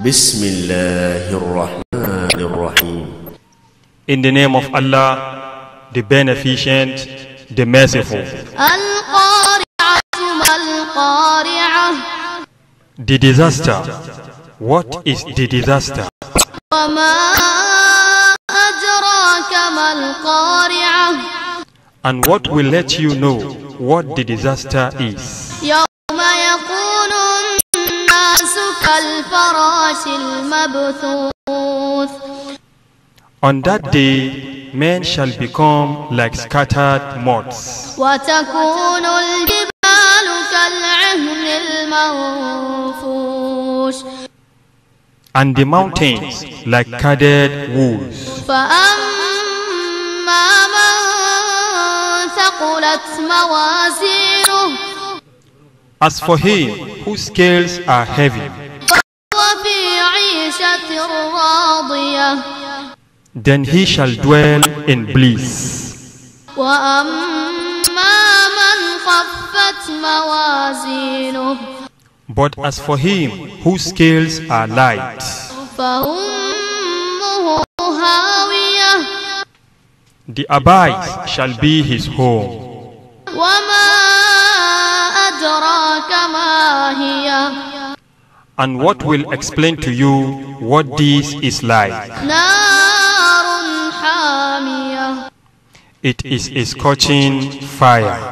بسم In the name of Allah, the Beneficent, the Merciful. The disaster. What is the disaster? And what will let you know what the disaster is? On that day, men shall become like scattered moths. And the mountains like carded wolves. As for him whose scales are heavy, then he shall dwell in bliss. But as for him whose scales are light, the abide shall be his home. And what will explain to you what this is like? It is a scorching fire.